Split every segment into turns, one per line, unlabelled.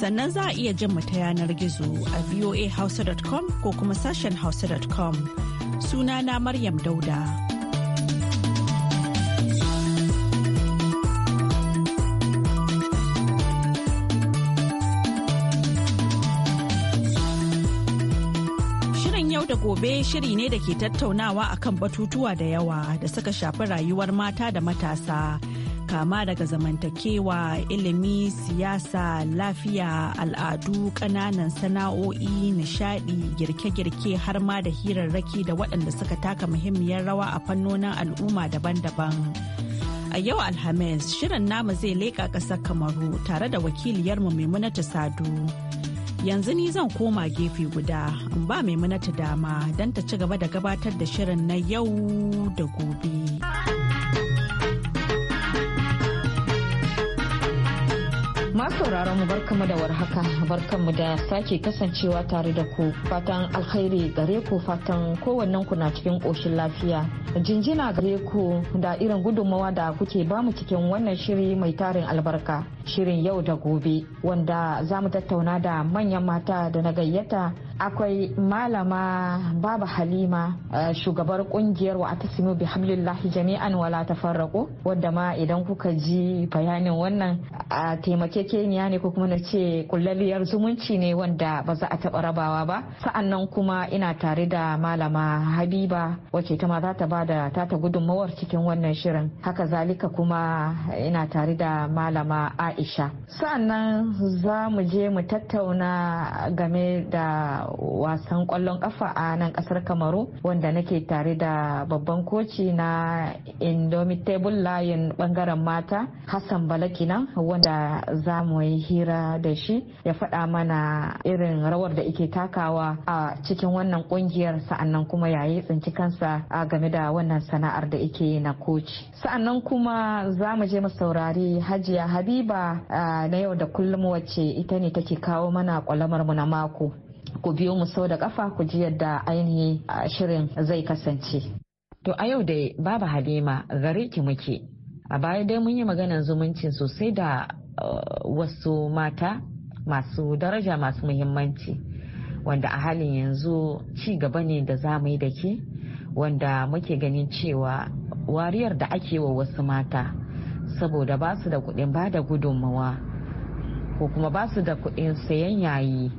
sannan za a iya jin mu ta yanar gizo a voahausa.com ko kuma sashen hausa.com na maryam dauda. da gobe shiri ne da ke tattaunawa akan batutuwa da yawa da suka shafi rayuwar mata da matasa kama daga zamantakewa ilimi siyasa lafiya al'adu kananan sana'o'i nishadi girke-girke har ma da hirarraki da waɗanda suka taka muhimmiyar rawa a fannonin al'umma daban-daban a yau alhamis shirin namu zai leƙa ƙasar kamaru tare da wakiliyarmu maimunatu sadu yanzu ni zan koma gefe guda in ba maimunatu dama don ta ci gaba da gabatar da shirin na yau da gobe. sauraron mu barkamu da warhaka
barkamu da sake kasancewa tare da ku fatan alkhairi gare ku fatan kowannen ku na cikin koshin lafiya jinjina gare ku da irin gudunmawa da kuke bamu cikin wannan shiri mai tarin albarka shirin yau da gobe wanda za mu tattauna da manyan mata da na gayyata akwai malama babu halima eh, shugabar kungiyar wa atasimu bi jami'an wala tafarraqu wadda ma idan kuka ji bayanin wannan a taimakekeniya ne ko kuma na ce kullaliyar zumunci ne wanda ba za a taɓa rabawa ba sa'annan kuma ina tare da malama habiba wacce ta ma za ta bada ta ta gudunmawar cikin wannan shirin haka zalika kuma ina tare da malama aisha sa'annan za mu je mu tattauna game da wasan kwallon kafa a nan kasar kamaru wanda nake tare da babban koci na indomitable lion bangaren mata hassan balakinan wanda za mu yi hira da shi ya faɗa mana irin rawar da ike takawa a cikin wannan kungiyar sa'annan kuma yayi tsinci kansa a game da wannan sana'ar da ike na koci sa'annan kuma za mu je mu saurari hajiya habiba na yau da kullum wacce ita ne take kawo mana kwalamar mu na mako ku biyo mu sau da kafa ku ji yadda ainihin shirin zai kasance. To a yau dai babu Halima gare ki muke. A baya dai mun yi maganar zumunci sosai da wasu mata masu daraja masu muhimmanci wanda a halin yanzu ci gaba ne da za yi da ke wanda muke ganin cewa wariyar da ake wa wasu mata saboda ba su da kuɗin ba da gudunmawa ko kuma ba su da kuɗin sayan yayi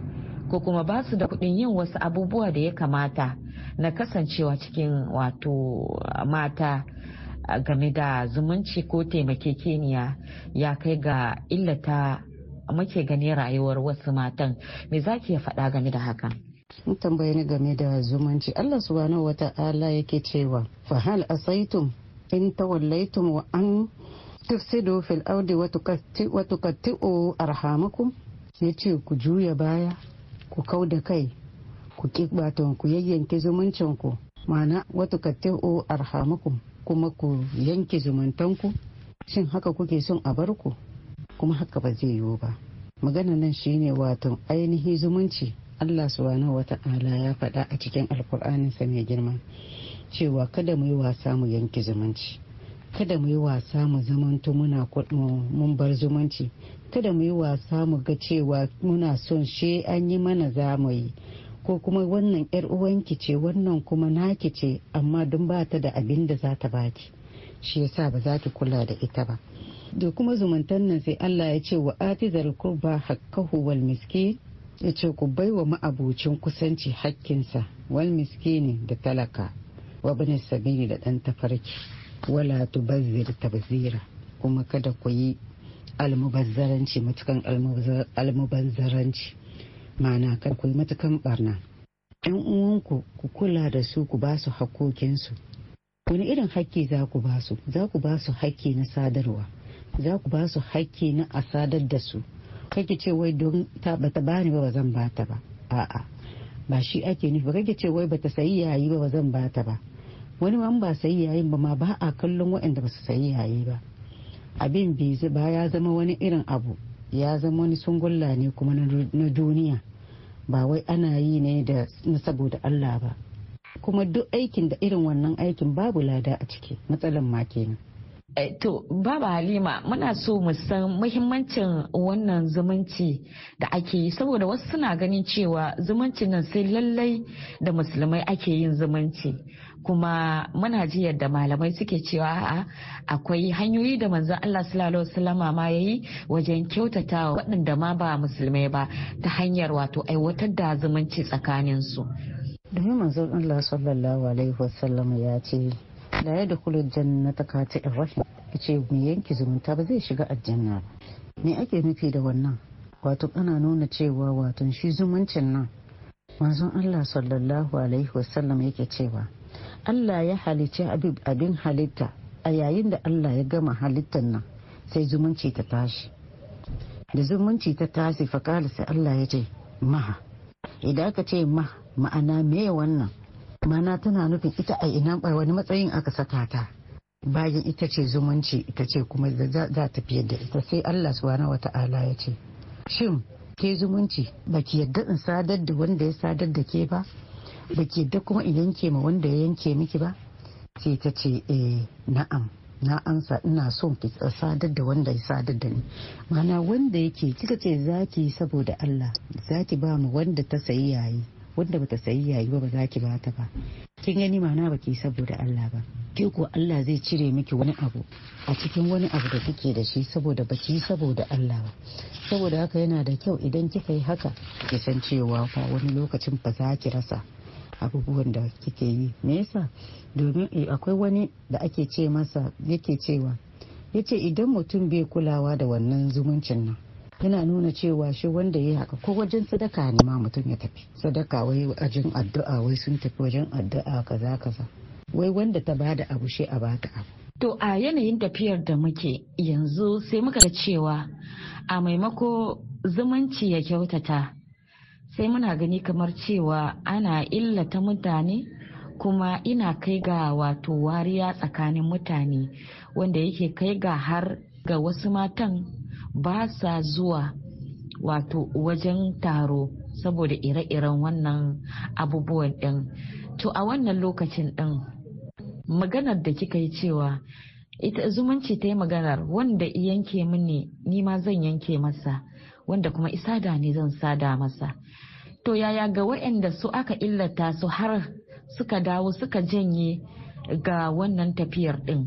ko kuma ba su da kuɗin yin wasu abubuwa da ya kamata na kasancewa cikin wato mata game da zumunci ko taimakekeniya ya kai ga illata muke gani rayuwar wasu matan me za ki faɗa game da haka
sun tambaye ni game da zumunci Allah subhanahu wa ta'ala yake cewa fahal asaitum in tawallaitum wa an tufsidu fil ardi wa tuqatti'u arhamakum yace ku juya baya ku kau da kai ku kibaton ku yayyanke zumuncin ku ma'ana wata katti'u arhamakum kuma ku yanke zumuntanku shin haka kuke son a bar ku kuma haka ba zai yiwu ba magana nan shine wato ainihin zumunci Allah subhanahu wata'ala ya faɗa a cikin sa mai girma cewa kada mu yi wasa mu yanke zumunci kada mu yi wasa mu zamanto muna mun bar zumunci kada mu yi wasa mu ga cewa muna son she an yi mana za mu yi ko kuma wannan yar uwanki ce wannan kuma naki ce amma don ba ta da abin da za ta baki shi yasa ba za ki kula da ita ba da kuma zumuntan nan sai Allah ya ce wa atizal kurba hakkahu wal miski ya ce ku baiwa ma'abucin kusanci hakkinsa wal miskini da talaka wa bane sabili da ɗan tafarki wala tubazzir tabzira kuma kada ku yi almubazzaranci matukan almubazzaranci ma'ana kada ku yi matukan barna yan uwanku ku kula da su ku ba su hakokinsu wani irin hakki za ku ba su za ku ba su hakki na sadarwa za ku ba su hakki na a sadar da su kake ce wai don ta bata bani ba ba zan bata ba a'a ba shi ake nufi kake ce wai bata sayi yayi ba ba zan bata ba wani ma ba sayi yayin ba ma ba a kallon waɗanda ba su sayi yayi ba abin ba ya zama wani irin abu ya zama wani sungulla ne kuma na duniya ba wai ana yi ne da na saboda Allah ba kuma duk aikin da irin wannan aikin babu lada a ciki matsalan ma kenan
eh, To, Baba Halima, muna so mu san muhimmancin wannan zumunci da ake yi, saboda wasu suna ganin cewa zumuncin nan sai lallai da musulmai ake yin zumunci. kuma muna ji yadda malamai suke cewa akwai hanyoyi da manzon Allah sallallahu alaihi ma yayi wajen kyautata waɗanda ma ba musulmai ba ta hanyar wato aiwatar da zumunci tsakanin su
domin manzon Allah sallallahu alaihi wasallam ya ce da ya da kullu jannata kati rahim ce mu yanki zumunta ba zai shiga aljanna me ake nufi da wannan wato ana nuna cewa wato shi zumuncin nan manzon Allah sallallahu alaihi wasallam yake cewa allah ya halicci abin halitta a yayin da allah ya gama halittar nan sai zumunci ta tashi da zumunci ta tashi fakala sai allah ya ce maha idan aka ce ma ma'ana me wannan mana tana nufin ita a ina wani matsayin aka saka ta bayan ita ce zumunci ita ce kuma za ta fiye da ita sai allah subhanahu wata'ala ya ce shin ke zumunci baki ki yadda in sadar da wanda ya sadar da ke ba ba ke da kuma in yanke ma wanda ya yanke miki ba sai ta ce eh na'am na amsa ina so ki sadar da wanda ya sadar da ni mana wanda yake kika ce za yi saboda Allah za ki ba mu wanda ta sayi yayi wanda bata sayi yayi ba ba ki ba ta ba kin gani mana baki saboda Allah ba ke ko Allah zai cire miki wani abu a cikin wani abu da kike da shi saboda baki saboda Allah ba saboda haka yana da kyau idan kika yi haka ki san cewa fa wani lokacin ba za ki rasa abubuwan da kike yi me yasa domin eh, akwai wani da ake ce masa yake cewa yace idan mutum bai kulawa da wannan zumuncin nan yana nuna cewa shi wanda ya haka ko wajen sadaka ne ma mutum ya tafi sadaka wai ajin addu'a wai sun tafi wajen addu'a kaza kaza wai wanda ta bada abu shi a baka abu
To a yanayin tafiyar da muke yanzu sai muka da cewa a maimako zumunci ya kyautata sai muna gani kamar cewa ana illata mutane kuma ina kai ga wato wariya tsakanin mutane wanda yake kai ga har ga wasu matan ba sa zuwa wato wajen taro saboda ire-iren wannan abubuwan ɗin to a wannan lokacin ɗin maganar da kika yi cewa ita zumunci ta yi maganar wanda yanke mini nima zan yanke masa wanda kuma isa da ne zan sada masa to yaya ga waɗanda su aka illata su har suka dawo suka janye ga wannan tafiyar ɗin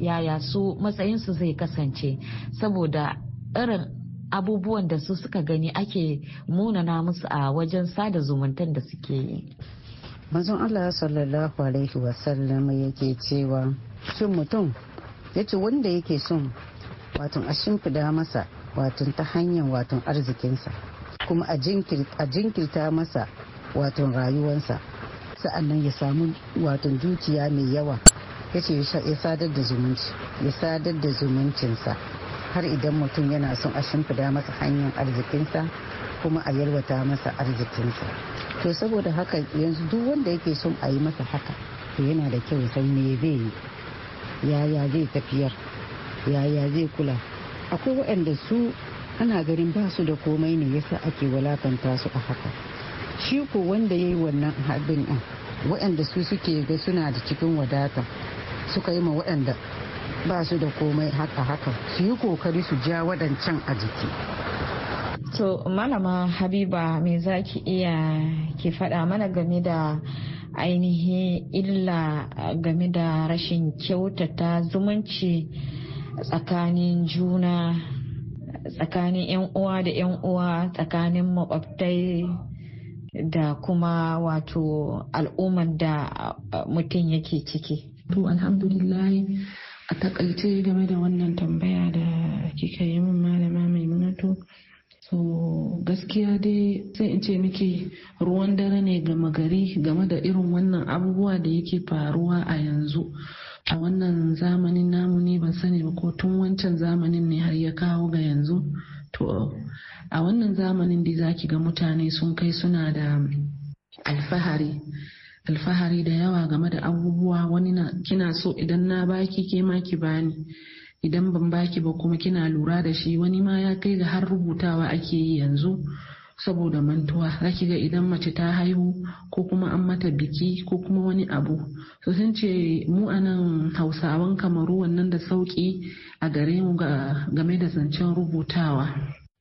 yaya su matsayinsu zai kasance saboda irin abubuwan da su suka gani ake munana musu a wajen sada zumuntan da suke yi
Mazan allah sallallahu alaihi wasallam yake cewa shin mutum ya ce wanda yake son wato a shimfida masa wato ta hanyar watan arzikinsa kuma a jinkirta masa watan rayuwansa sa'annan ya samu watan dukiya mai yawa ya ce ya sadar da zumunci ya sadar da zumuncinsa har idan mutum yana son a shimfida masa hanyar arzikinsa kuma a yalwata masa arzikinsa to saboda haka yanzu duk wanda yake son a yi masa haka to yana da kyau san me zai yi yaya zai tafiyar yaya zai kula akwai waɗanda su ana garin ba su da komai ne yasa ake walakanta su a haka shi ko wanda ya yi wannan haɗin ɗin waɗanda su suke ga suna da cikin wadata suka yi ma waɗanda ba su da komai haka haka su yi kokari su ja waɗancan a jiki
to malama habiba me za ki iya ki faɗa mana game da ainihin illa game da rashin kyautata zumunci tsakanin juna tsakanin 'yan uwa da 'yan uwa tsakanin makwabtai da kuma wato al'ummar da mutum yake ciki.
To alhamdulillah a takaice game da wannan tambaya da kika yi min malama mai munato. So gaskiya dai sai in ce miki ruwan dare ne gama gari game da irin wannan abubuwa da yake faruwa a yanzu a wannan zamanin na ban sani ba ko tun wancan zamanin ne har ya kawo ga yanzu to a wannan zamanin da zaki ga mutane sun kai suna da alfahari alfahari da yawa game da abubuwa wani na kina so idan na baki ke ma ki bani idan ban baki ba kuma kina lura da shi wani ma ya kai ga har rubutawa ake yi yanzu saboda mantuwa zaki ga idan mace ta haihu ko kuma an mata biki ko kuma wani abu so sun ce mu anan hausawan kamaru wannan da sauki a gare mu game da zancen rubutawa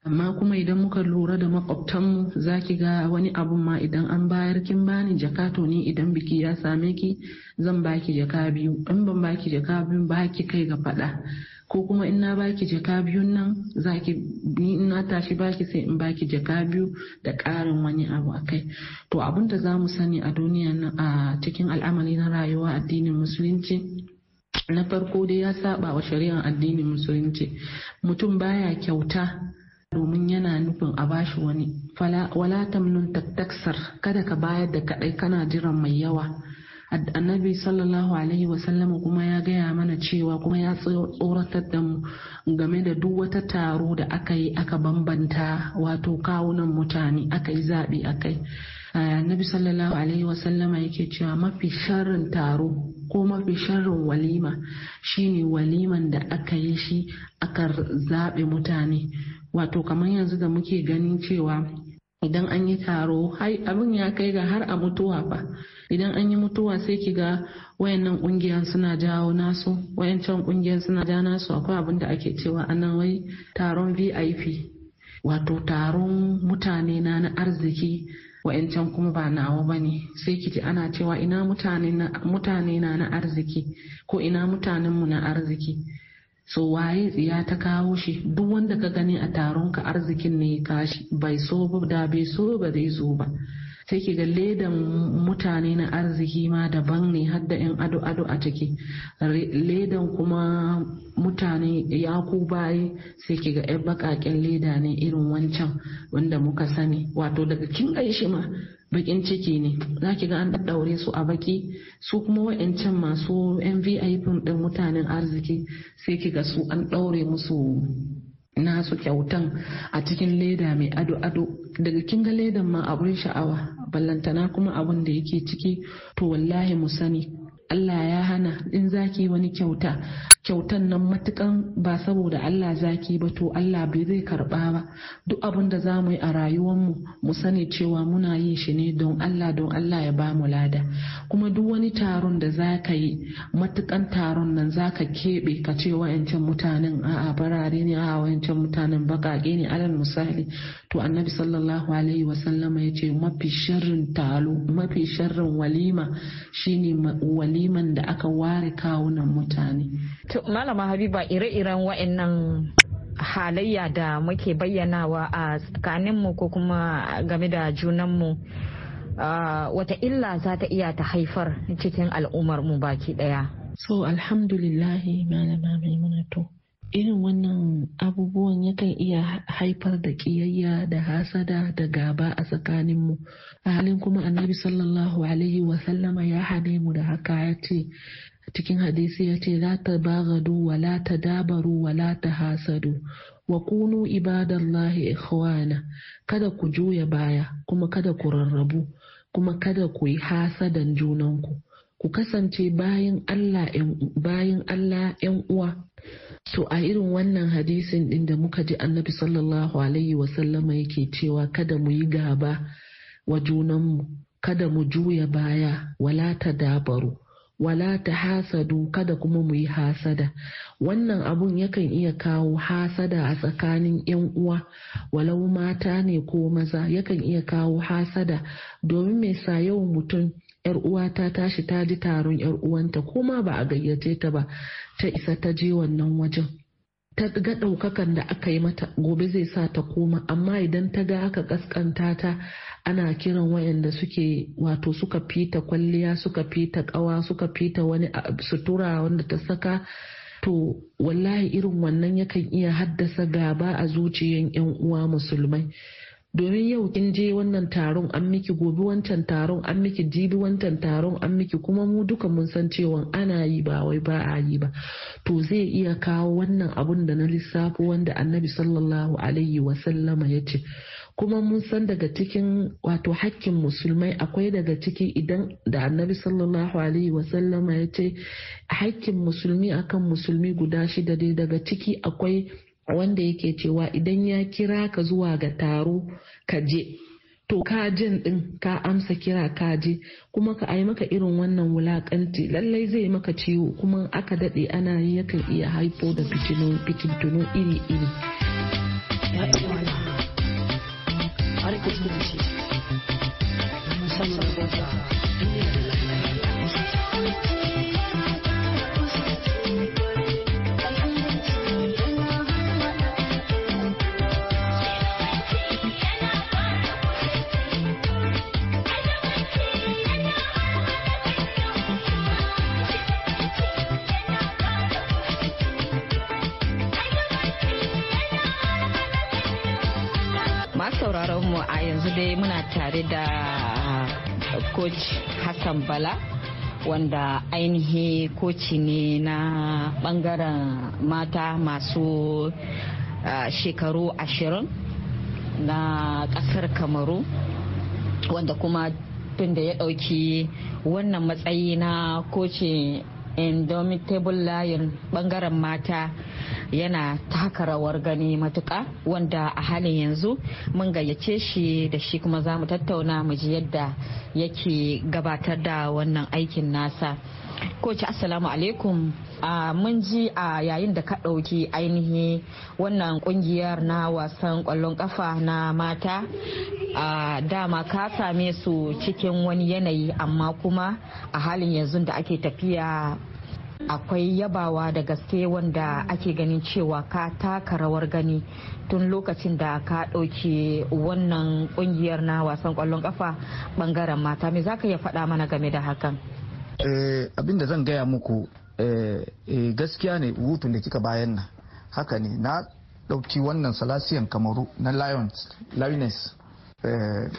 amma kuma idan muka lura da makwabtanmu za ki ga wani abu ma idan an bayar kin bani jaka to ni idan biki ya same ki zan baki jaka biyu in ban baki jaka biyu ba ki kai ga faɗa ko kuma in na baki jaka biyu nan zaki ni in na tashi baki sai in baki jaka biyu da ƙarin wani abu a kai. to abin da za mu sani a duniya nan a cikin al'amari na rayuwa addinin musulunci na farko dai ya saba wa shari'ar addinin musulunci mutum baya kyauta domin yana nufin a bashi wani wala tamnun tattaksar kada ka bayar da kadai kana jiran mai yawa annabi sallallahu alaihi wasallam kuma ya gaya mana cewa kuma ya tsoratar da mu game da duk wata taro da aka yi aka bambanta wato kawunan mutane aka yi zaɓe a kai annabi sallallahu alaihi wasallama yake cewa mafi sharrin taro ko mafi sharrin walima shine waliman da aka yi shi aka zaɓe mutane wato kamar yanzu da muke ganin cewa idan an yi taro abin ya kai ga har a mutuwa fa idan an yi mutuwa sai ki ga wayannan kungiyan suna jawo nasu wayancan kungiyan suna ja nasu akwai abin da ake cewa anan wai taron vip wato taron mutane na na arziki wayancan kuma ba nawa ba ne sai ki ji ana cewa ina mutane na arziki ko ina mutanenmu na arziki so waye tsiya ta kawo shi duk wanda ka gani a taron ka arzikin ne ya kashi bai so ba da bai so ba zai zo ba sai ki ga ledan mutane na arziki ma daban ne har da yan ado ado a ciki ledan kuma mutane ya ku baye sai ki ga yan bakakin leda ne irin wancan wanda muka sani wato daga kin aishi ma bakin ciki ne za ki ga an ɗaɗɗaure su a baki su kuma wa'ancan masu mvip ɗin mutanen arziki sai ki ga su an ɗaure musu nasu kyautan a cikin leda mai ado-ado daga kin ga ledan ma abun sha'awa ballantana kuma abun da yake ciki to wallahi mu sani Allah ya hana in zaki wani kyauta kyautan nan matukan ba saboda Allah zaki ba to Allah bai zai karba ba duk abin da za mu yi a rayuwarmu mu sani cewa muna yin shi ne don Allah don Allah ya ba mu lada kuma duk wani taron da zaka yi matukan taron nan zaka ka keɓe ka ce wayancan mutanen a'a barare ne a'a wayancan mutanen bakake ne alal misali to annabi sallallahu alaihi wa sallama ya ce mafi sharrin talo mafi sharrin walima shine waliman da aka ware kawunan mutane
Malama Habiba ire-iren wa'annan halayya da muke bayyanawa a tsakaninmu ko kuma game da junanmu wata illa za ta iya ta haifar cikin al'ummarmu baki daya.
So alhamdulillahi malama maimunatu irin wannan abubuwan yakan iya haifar da ƙiyayya da hasada da gaba a tsakaninmu a halin kuma annabi sallallahu alaihi wasallama ya hane mu da haka ya ce cikin hadisi ya ce la ta bagadu wa la ta dabaru wa la ta hasadu wa kunu ibadallahi ikhwana kada ku juya
baya kuma kada ku rarrabu kuma kada ku yi hasadan junanku ku
kasance bayan Allah bayan yan uwa to a irin wannan hadisin ɗin da muka ji annabi sallallahu alaihi wasallama yake cewa kada mu yi gaba wa junanmu kada mu juya baya wala ta dabaru wala ta hasadu kada kuma mu yi hasada wannan abun yakan iya kawo hasada a tsakanin 'yan uwa walau mata ne ko maza yakan iya kawo hasada domin mai sa yau mutum yar uwa ta tashi ta ji taron yar uwanta ko ba a gayyace ta ba ta isa ta je wannan wajen ta ga ɗaukakan da aka yi mata gobe zai sa ta koma amma idan ta ga aka ƙasƙanta ta ana kiran wayanda suke wato suka fita kwalliya suka fita ƙawa suka fita wani sutura wanda ta saka to wallahi irin wannan yakan iya haddasa gaba a zuciyan 'yan uwa musulmai domin yau kin je wannan taron an miki gobe wancan taron an miki jibi wancan taron an miki kuma mu duka mun san cewa ana yi ba wai ba a yi ba to zai iya kawo wannan abun da na lissafo wanda annabi sallallahu alaihi wasallama ya ce kuma mun san daga cikin wato hakkin musulmai akwai daga ciki idan da annabi sallallahu alaihi wasallama ya ce hakkin musulmi akan musulmi guda shida dai daga ciki akwai wanda yake cewa idan ya kira ka zuwa ga taro ka je to ka jin din ka amsa kira ka je kuma ka ai maka irin wannan wulakanci lallai zai maka ciwo kuma aka dade ana yi yakan iya haifo da fitintunu iri-iri.
coach hassan bala wanda ainihi koci ne na bangaren mata masu shekaru ashirin na kasar kamaru wanda kuma tunda ya dauki wannan matsayi na koci indomitable lion bangaren mata yana taka rawar gani matuka wanda a halin yanzu mun gayyace shi da shi kuma za mu tattauna mu ji yadda yake gabatar da wannan aikin nasa koci assalamu alaikum a mun ji a yayin da ka ɗauki ainihi wannan kungiyar na wasan ƙwallon ƙafa na mata a dama ka same su cikin wani yanayi amma kuma a halin yanzu da ake tafiya akwai yabawa da gaske wanda ake ganin cewa ka taka rawar gani tun lokacin da ka ɗauki wannan kungiyar na wasan kwallon kafa bangaren mata me za ka iya faɗa mana game da hakan
eh, abin da zan gaya muku eh, eh, gaskiya ne hutun da kika bayan nan haka ne na ɗauki wannan salasiyan kamaru na lions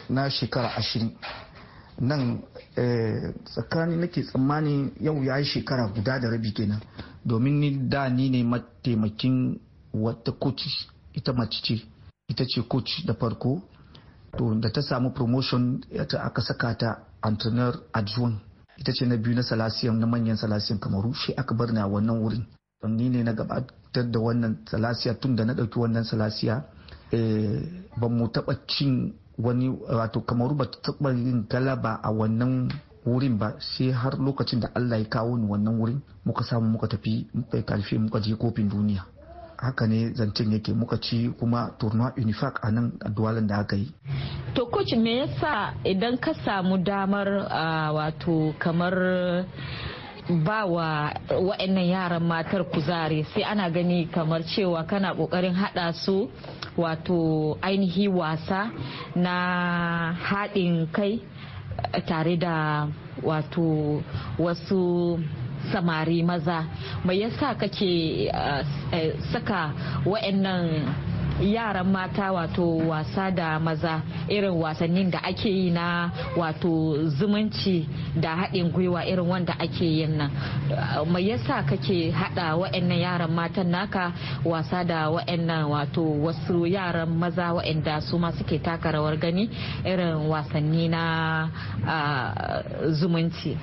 na shekara ashirin nan eh, tsakanin nake tsammanin yau ya yi shekara guda da rabi kenan domin ni da ni ne mataimakin wata coach ita mace ce ita ce coach da farko to da ta samu promotion ta aka saka ta entrepreneur adjoint ita ce na biyu na salasiyan na manyan salasiyan kamaru shi aka bar na wannan wurin ni ne na gabatar da wannan salasiya tun da na ɗauki wannan salasiya eh, ban mu taɓa cin wani wato kamaru ba ta taɓa yin galaba a wannan wurin ba sai har lokacin da Allah ya kawo ni wannan wurin muka samu muka tafi muka yi karfe muka je kofin duniya haka ne zancen yake muka ci kuma turnuwa unifac a nan duwalan da aka yi
to coach
me yasa idan ka samu damar ah, wato kamar ba wa wa'annan yaran matar kuzari sai ana gani kamar cewa kana kokarin hada su wato ainihi wasa na haɗin kai tare da wato wasu samari maza mai yasa kake eh, eh, saka wa'annan yaran mata wato wasa da maza irin wasannin da ake yi na wato zumunci da haɗin gwiwa irin wanda ake yin nan uh, mai yasa kake haɗa wa'annan yaran matan naka wasa da wa'annan wato wasu yaran maza wa'anda su ma suke taka rawar gani irin wasanni na uh, zumunci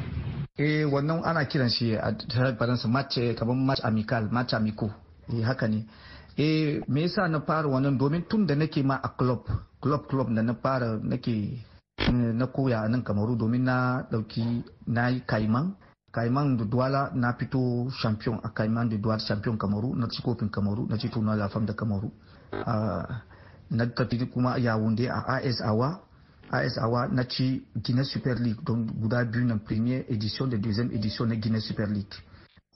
eh wannan ana kiran shi a faransa match eh, kaman match amical match amico eh haka ne eh me yasa na fara wannan domin tun da nake ma a club club club da na fara nake na koya nan kamaru domin na dauki na yi kaiman kaiman da duwala na fito champion a kaiman da duwala champion kamaru na ci kofin kamaru na ci tunawa lafam da kamaru ah, na tafi kuma yawunde a as awa AS Awa na ci Guinness Super League don guda biyu na premier edition da deuxième edition na Guinness Super League.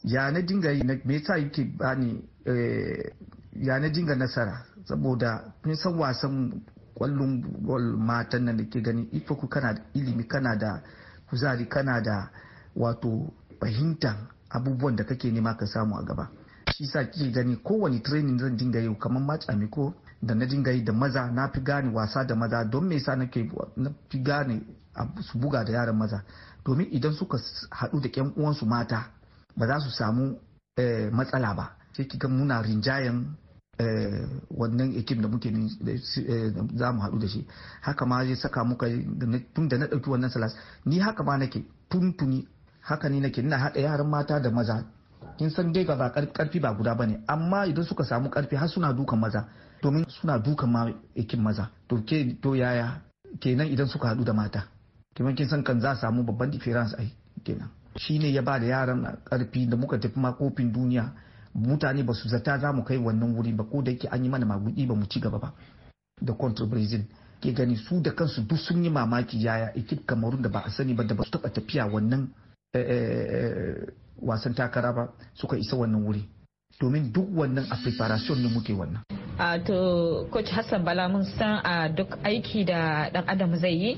ya na dinga yi me yasa yake bani eh, ya na dinga nasara saboda kun san wasan kwallon gol matan nan da ke gani ifa ku kana da ilimi kana da kuzari kana da wato fahimtar abubuwan da kake nema ka samu a gaba shi sa kike gani kowane training zan dinga yau kamar match ko da na dinga yi da maza na fi gane wasa da maza don me yasa nake na fi gane su buga da yaran maza domin idan suka haɗu da ƴan uwansu mata ba za su samu eh, matsala ba sai kika muna rinjayen eh, wannan ekip da muke eh, za mu haɗu da shi haka ma zai saka muka tun da na ɗauki wannan salas ni haka ma nake tuntuni haka ni nake ina haɗa yaran mata da maza kin san dai ba karfi ba guda bane amma idan suka samu karfi har suna dukan maza domin suna dukan ma ekip maza to ke to yaya kenan idan suka haɗu da mata kenan kin san kan za samu babban difference ai kenan shine ya ba da yaran karfi da muka tafi ma kofin duniya mutane ba su zata za mu kai wannan wuri ba ko da yake an yi mana magudi ba mu ci gaba ba da contra brazil ke gani su da kansu duk sun yi mamaki yaya ekip kamarun da ba a sani ba da ba su taba tafiya wannan eh, eh, eh, wasan takara ba suka isa wannan wuri domin duk wannan a preparation ne muke wannan
a to coach hassan bala mun san a duk aiki da dan adam zai yi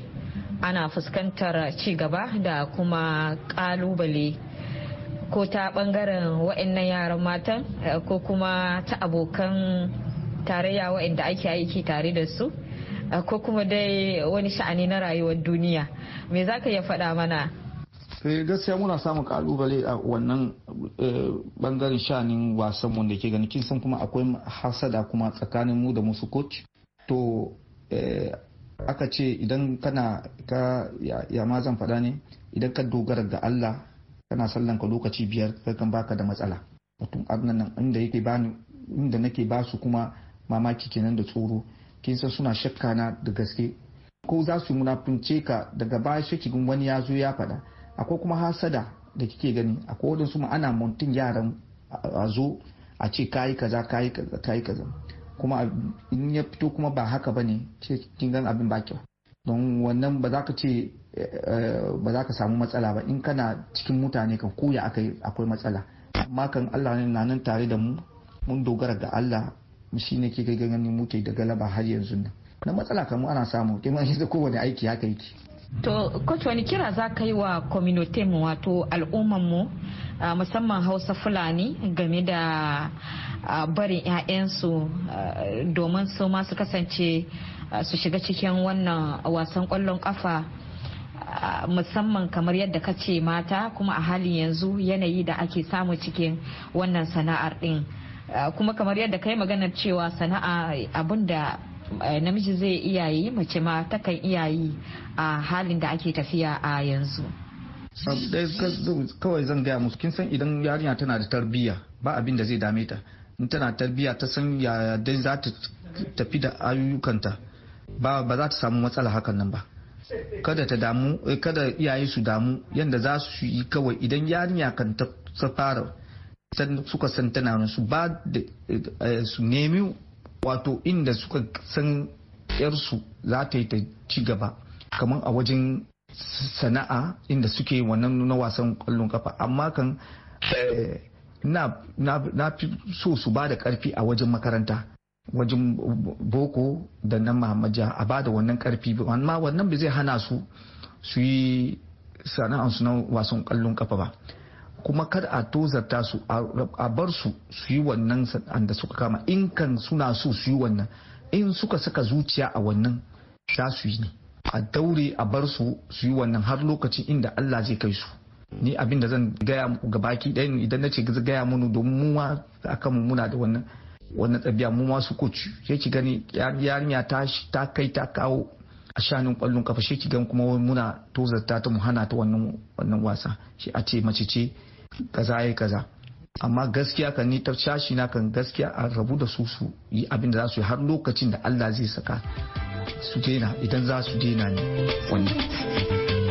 ana fuskantar ci gaba da kuma kalubale ko ta bangaren wa'annan yaran matan eh, ko kuma ta abokan tarayya wa'anda ake aiki tare da su eh, ko kuma dai wani sha'ani na rayuwar duniya me za ka iya faɗa mana
eh, gaskiya muna samun kalubale a wannan bangaren sha'anin wasan wanda ke ganin kin san kuma akwai hasada kuma tsakanin mu da musu coach to aka ce idan kana ka ya ma zan faɗa ne idan ka dogara ga Allah kana sallan ka lokaci biyar kan baka da matsala mutum arnan nan inda yake bani inda nake ba su kuma mamaki kenan da tsoro kin san suna shakka na da gaske ko za su munafunce ka daga baya shakikin wani ya zo ya faɗa akwai kuma hasada da kike gani akwai wadansu ma ana yaran a zo a ce kayi kaza kayi kaza kayi kaza kuma in ya fito kuma ba haka ba ne kin gan abin ba kyau don wannan ba za ka ce eh, ba za ka samu matsala ba in kana cikin mutane kan koya akwai matsala amma kan Allah ne na nan tare da mu mun dogara ga Allah shi ne ke gani muke da galaba har yanzu nan na matsala kamar ana samu kuma shi kowane aiki haka yake
To, coach wani kira za ka yi wa community mu wato al'umman mu ah, musamman Hausa Fulani game da barin 'ya'yansu domin su ma su kasance su shiga cikin wannan wasan kwallon kafa musamman kamar yadda ka ce mata kuma a halin yanzu yanayi da ake samu cikin wannan sana'ar din kuma kamar yadda ka yi maganar cewa sana'a abinda namiji zai iyayi mace ma takan iya yi a halin da ake tafiya a yanzu
kawai zan gaya musu kin san idan yarinya tana da tarbiyya ba abin da zai dame ta in tana tarbiyya ta san yaya dai za ta tafi da ayyukanta ba ba za ta samu matsala hakan nan ba kada ta damu eh, kada iyaye su damu yadda za su yi kawai idan yarinya kan ta fara suka san tana su ba eh, su nemi wato inda suka san yarsu za ta yi ta ci gaba kamar a wajen sana'a inda suke wannan na wasan kwallon kafa amma kan eh, na fi so su ba da karfi a wajen makaranta wajen boko da na mahamaja a ba da wannan karfi amma wannan ba zai hana su su yi sana'ansu na wasan kallon kafa ba kuma kar a tozarta su a bar su su yi wannan da suka kama in kan suna so su yi wannan in suka saka zuciya a wannan sha su yi ne a daure a bar su su yi wannan har lokacin inda Allah zai kai su ni abin da zan gaya muku ga baki ɗaya idan na ce gaya munu domin mu ma akan mu muna da wannan wannan tsabiya mu ma su coach sai ki gani yarinya ta ta kai ta kawo a shanin kwallon kafa sai ki gani kuma muna tozarta ta mu hana ta wannan wannan wasa shi a ce mace ce kaza ya kaza amma gaskiya kan ni ta shashi na kan gaskiya a rabu da su su yi abin da za su yi har lokacin da Allah zai saka su daina idan za su daina ne wannan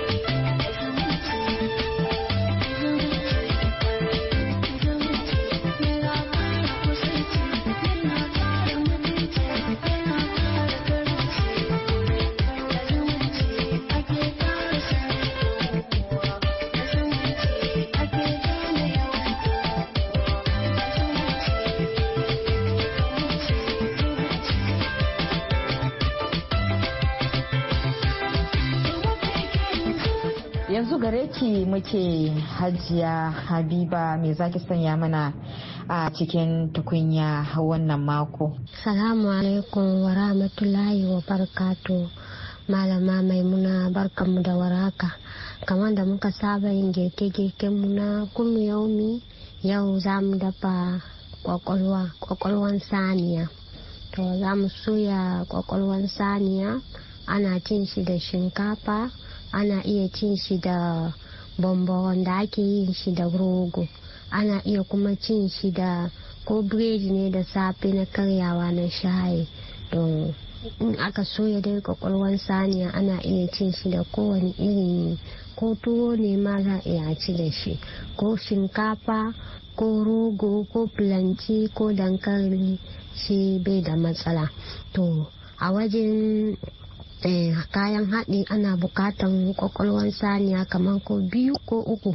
muke hajiya habiba me zaki sanya mana a cikin tukunya wannan
mako
salamu alaikum wa rahmatullahi wa barakatu malama maimuna barkanmu da waraka kamar da muka saba yin girke-girken mu na kunu yaumi yau za mu dafa kwakwalwan saniya to za mu soya kwakwalwan saniya ana cin shi da shinkafa ana iya cin shi da bombo da ake yin shi da rogo ana iya kuma cin shi da ko biredi ne da safe na karyawa na shayi don in aka soya dai kwakwalwar saniya ana iya cin shi da kowane iri ko tuwo ne ma za a iya ci da shi ko shinkafa ko rogo ko filanci ko dankali shi bai da matsala to a wajen Eh, kayan haɗi ana bukatan kwakwalwan saniya kamar ko biyu ko uku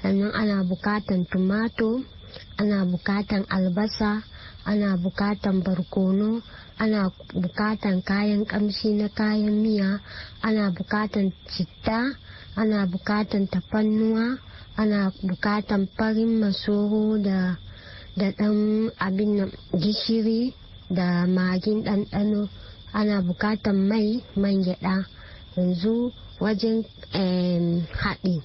sannan ana bukatan tumato ana bukatan albasa ana bukatan barkono ana bukatan kayan kamshi na kayan miya ana bukatan citta ana bukatan tafannuwa ana bukatan farin masoro da da ɗan abin gishiri da magin ɗanɗano ana bukatan mai man gyaɗa yanzu wajen haɗi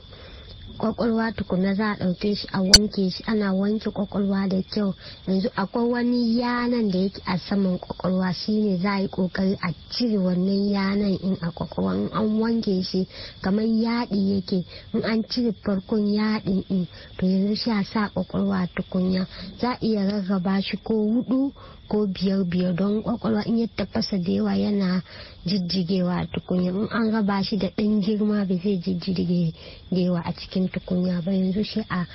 kwakwalwa tukuna za a ɗauke shi a wanke shi ana wanke kwakwalwa da kyau yanzu akwai wani yanan da yake a saman kwakwalwa shine za a yi kokari a cire wannan yanan in a kwakwalwa in an wanke shi kamar yaɗi yake in an cire farkon yaɗin in to yanzu shi a sa kwakwalwa tukunya za a iya rarraba shi ko hudu ko biyar biyar don kwakwalwa in ya tafasa da yawa yana jijjigewa tukunya in an raba shi da ɗan girma ba zai jijjige da yawa a cikin kan tukunya ba yanzu shi a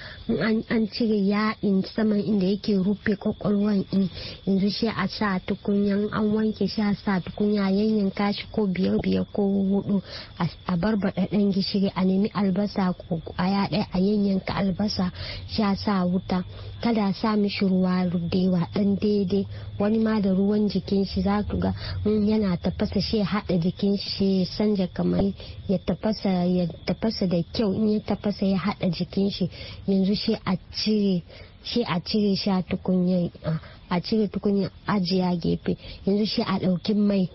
an cire yaɗin saman inda yake rufe kwakwalwan in yanzu shi a sa tukunyan an wanke shi a sa tukunya yanyanka kashi ko biyar biyar ko hudu a barbada ɗan gishiri a nemi albasa ko a yaɗa a yanyanka albasa shi a sa wuta kada sa mishi ruwa rudewa ɗan daidai wani ma da ruwan jikin shi za ga yana tafasa shi haɗa jikin shi sanja kamar ya tafasa da kyau in ya tafasa sai ya haɗa jikin shi yanzu shi a cire shi a cire shi a tukunyar a cire tukunyar ajiya gefe yanzu shi a ɗaukin mai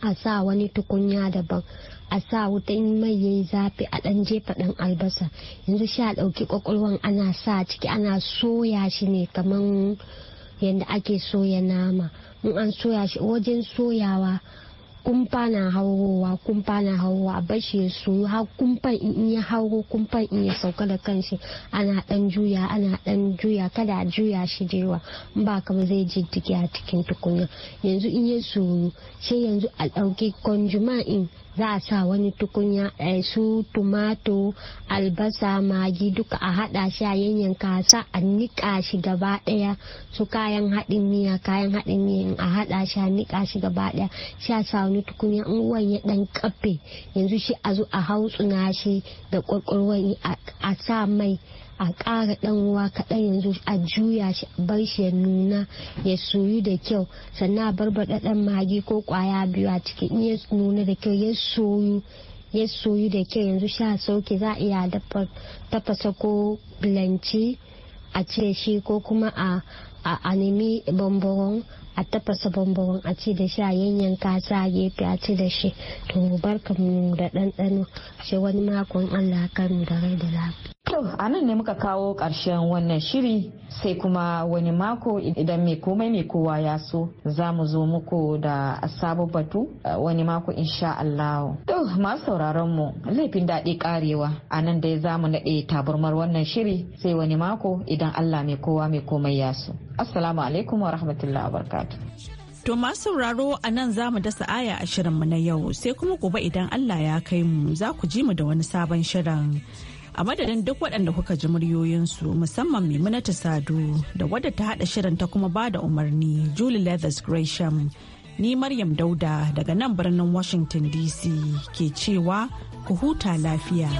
a sa wani tukunya daban a sa wutan mai yayi zafi a ɗan jefa ɗan albasa yanzu shi a ɗauki kwakwalwan ana sa ciki ana soya shi ne kamar yadda ake soya nama in an soya shi wajen soyawa kumfa na haurowa kumfa na haurowa a bashi ya su har kumfan in ya hauro kumfan in ya sauka da kanshi ana dan juya ana dan juya kada a juya shi da yawa in ba kama zai jiddige a cikin tukunya yanzu in ya suru sai yanzu a dauke konjuma in za a sa wani tukunya eh, su tumato albasa magi duka a hada shi a yanyanka sa a nika shi gaba daya su kayan haɗin miya kayan haɗin miya a hada shi a nika shi gaba daya shi a sa wani tukunya in ya dan kafe yanzu shi a zo a hautsuna shi da kwarkwarwan a sa mai a ƙara ɗan ruwa kaɗan yanzu a juya shi bar shi ya nuna ya soyu da kyau sannan a barbaɗa ɗan magi ko ƙwaya biyu a ciki in ya nuna da kyau ya soyu ya soyu da kyau yanzu sha sauke za a iya tafasa ko bilanci a cire shi ko kuma a a nemi bambaron a tafasa bambaron a ci da sha yanyanka sa gefe a ci da shi to barka mu da ɗanɗano shi wani makon allah kanu da rai da lafiya To, a nan ne muka
kawo ƙarshen wannan shiri sai kuma wani mako idan mai komai mai kowa ya so za mu zo muku da sabon batu wani mako insha Allah. To, masu sauraron laifin daɗi ƙarewa a nan dai za mu naɗe taburmar wannan shiri sai wani mako idan Allah mai kowa mai komai ya so. Assalamu alaikum wa rahmatullahi wa
To masu sauraro a nan za mu dasa aya a shirinmu na yau sai kuma gobe idan Allah ya kai mu za ku ji mu da wani sabon shirin. a madadin duk waɗanda kuka ji muryoyinsu musamman maimunata sadu da wadda ta haɗa shirin ta kuma bada umarni julie leathers gresham ni maryam dauda daga nan birnin washington dc ke cewa ku huta lafiya.